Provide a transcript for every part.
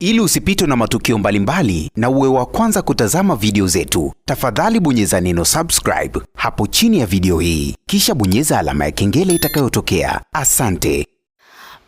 Ili usipitwe na matukio mbalimbali mbali, na uwe wa kwanza kutazama video zetu, tafadhali bonyeza neno subscribe hapo chini ya video hii, kisha bonyeza alama ya kengele itakayotokea. Asante.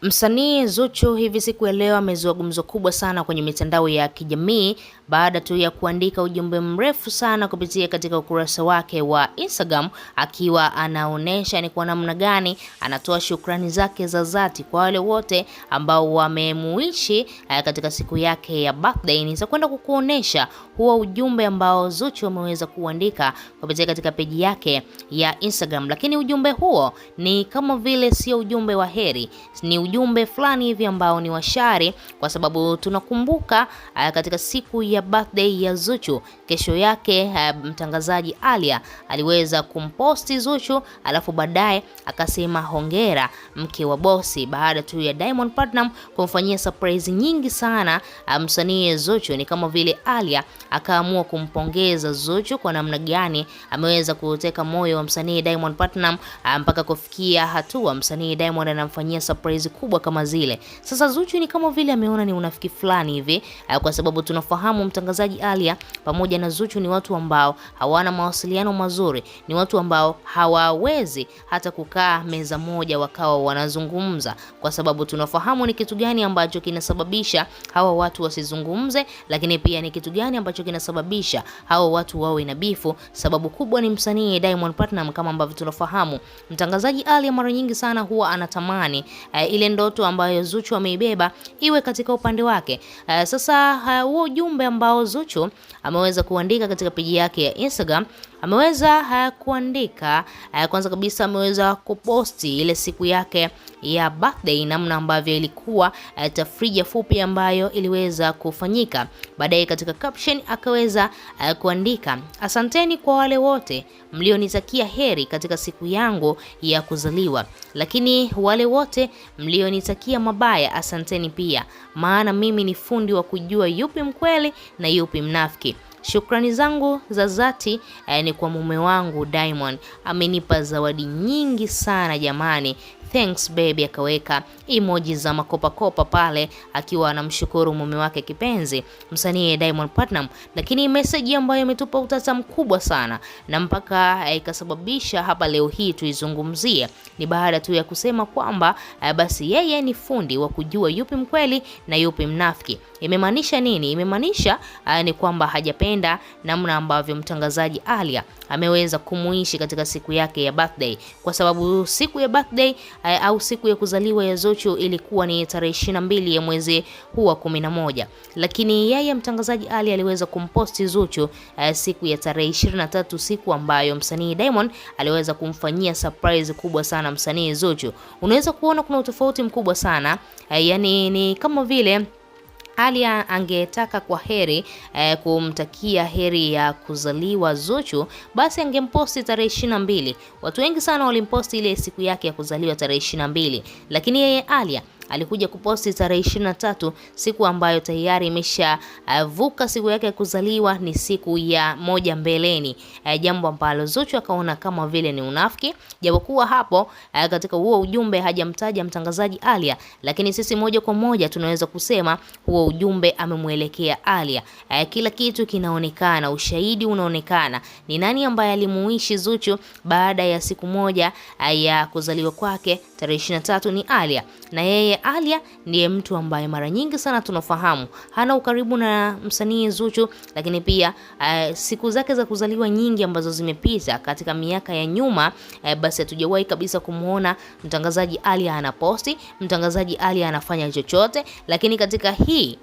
Msanii Zuchu hivi siku ya leo amezua gumzo kubwa sana kwenye mitandao ya kijamii baada tu ya kuandika ujumbe mrefu sana kupitia katika ukurasa wake wa Instagram akiwa anaonesha ni kwa namna gani anatoa shukrani zake za dhati kwa wale wote ambao wamemuishi eh, katika siku yake ya birthday. kwenda kukuonesha huo ujumbe ambao Zuchu ameweza kuandika kupitia katika peji yake ya Instagram, lakini ujumbe huo ni kama vile sio ujumbe wa heri, ni ujumbe fulani hivi ambao ni washari, kwa sababu tunakumbuka eh, katika siku ya birthday ya Zuchu. Kesho yake uh, mtangazaji Alia aliweza kumposti Zuchu, alafu baadaye akasema hongera mke wa bosi, baada tu ya Diamond Platinum kumfanyia surprise nyingi sana eh, msanii Zuchu. Ni kama vile Alia akaamua kumpongeza Zuchu kwa namna gani ameweza kuteka moyo wa msanii Diamond Platinum eh, mpaka kufikia hatua msanii Diamond anamfanyia surprise kubwa kama zile. Sasa Zuchu ni kama vile ameona ni unafiki fulani hivi, uh, kwa sababu tunafahamu akiwemo mtangazaji Alia pamoja na Zuchu ni watu ambao hawana mawasiliano mazuri, ni watu ambao hawawezi hata kukaa meza moja wakawa wanazungumza, kwa sababu tunafahamu ni kitu gani ambacho kinasababisha hawa watu wasizungumze, lakini pia ni kitu gani ambacho kinasababisha hawa watu wawe na bifu. Sababu kubwa ni msanii Diamond Platinum, kama ambavyo tunafahamu, mtangazaji Alia mara nyingi sana huwa anatamani uh, ile ndoto ambayo Zuchu ameibeba iwe katika upande wake. Uh, sasa eh, huo uh, ujumbe ambao Zuchu ameweza kuandika katika peji yake ya Instagram. Ameweza eh, kuandika eh, kwanza kabisa, ameweza kuposti ile siku yake ya birthday, namna ambavyo ilikuwa eh, tafrija fupi ambayo iliweza kufanyika. Baadaye katika caption akaweza kuandika, asanteni kwa wale wote mlionitakia heri katika siku yangu ya kuzaliwa, lakini wale wote mlionitakia mabaya, asanteni pia, maana mimi ni fundi wa kujua yupi mkweli na yupi mnafiki. Shukrani zangu za dhati eh, ni kwa mume wangu Diamond, amenipa zawadi nyingi sana jamani thanks baby, akaweka emoji za makopakopa pale akiwa anamshukuru mume wake kipenzi msanii Diamond Platinum. lakini message ambayo imetupa utata mkubwa sana na mpaka eh, ikasababisha hapa leo hii tuizungumzie, ni baada tu ya kusema kwamba eh, basi yeye ni fundi wa kujua yupi mkweli na yupi mnafiki. Imemaanisha nini? Imemaanisha eh, ni kwamba hajapenda namna ambavyo mtangazaji Alia ameweza kumuishi katika siku yake ya birthday, kwa sababu siku ya birthday eh, au siku ya kuzaliwa ya Zuchu ilikuwa ni tarehe 22 na mbili ya mwezi huu wa kumi na moja, lakini yeye mtangazaji Ali aliweza kumposti Zuchu eh, siku ya tarehe 23, na tatu, siku ambayo msanii Diamond aliweza kumfanyia surprise kubwa sana msanii Zuchu. Unaweza kuona kuna utofauti mkubwa sana, eh, yani ni kama vile Alia angetaka kwa heri eh, kumtakia heri ya kuzaliwa Zuchu, basi angemposti tarehe ishirini na mbili. Watu wengi sana walimposti ile siku yake ya kuzaliwa tarehe ishirini na mbili, lakini yeye Alia alikuja kuposti tarehe 23, siku ambayo tayari imeshavuka eh, siku yake ya kuzaliwa, ni siku ya moja mbeleni, eh, jambo ambalo Zuchu akaona kama vile ni unafiki, japokuwa hapo eh, katika huo ujumbe hajamtaja mtangazaji Alia, lakini sisi moja kwa moja tunaweza kusema huo ujumbe amemwelekea Alia. Kila kitu kinaonekana, ushahidi unaonekana ni nani ambaye alimuishi Zuchu baada ya siku moja ya kuzaliwa kwake tarehe 23 ni Alia, na yeye Alia ndiye mtu ambaye mara nyingi sana tunafahamu hana ukaribu na msanii Zuchu, lakini pia uh, siku zake za kuzaliwa nyingi ambazo zimepita katika miaka ya nyuma uh, basi hatujawahi kabisa kumwona mtangazaji Alia anaposti, mtangazaji Alia anafanya chochote, lakini katika hii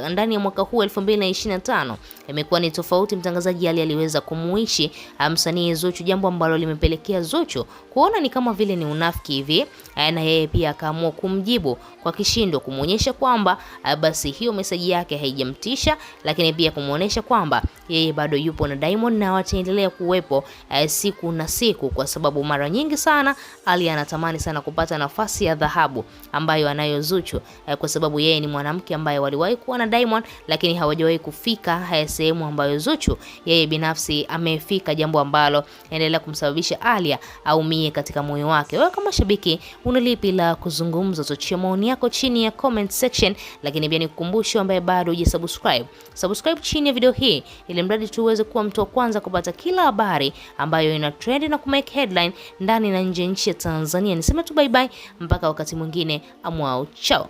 uh, ndani ya mwaka huu 2025 imekuwa ni tofauti. Mtangazaji Alia aliweza kumuishi ah, msanii Zuchu, jambo ambalo limepelekea Zuchu kuona ni kama vile ni unafiki hivi na yeye pia akaamua kumjibu kwa kishindo, kumwonyesha kwamba ah, basi hiyo meseji yake haijamtisha, lakini pia kumwonyesha kwamba yeye bado yupo na Diamond na wataendelea kuwepo eh, siku na siku, kwa sababu mara nyingi sana Ali anatamani sana kupata nafasi ya dhahabu ambayo anayo Zuchu, eh, kwa sababu yeye ni mwanamke ambaye waliwahi kuwa na Diamond, lakini hawajawahi kufika eh, sehemu ambayo Zuchu yeye binafsi amefika, jambo ambalo endelea kumsababisha Alia aumie katika moyo wake. Wewe kama shabiki Unalipi la kuzungumza? Zochia maoni yako chini ya comment section, lakini pia nikukumbushe ambaye bado hujasubscribe, subscribe chini ya video hii ili mradi tu uweze kuwa mtu wa kwanza kupata kila habari ambayo ina trend na kumake headline ndani na nje nchi ya Tanzania. Niseme tu bye bye mpaka wakati mwingine, amwao chao.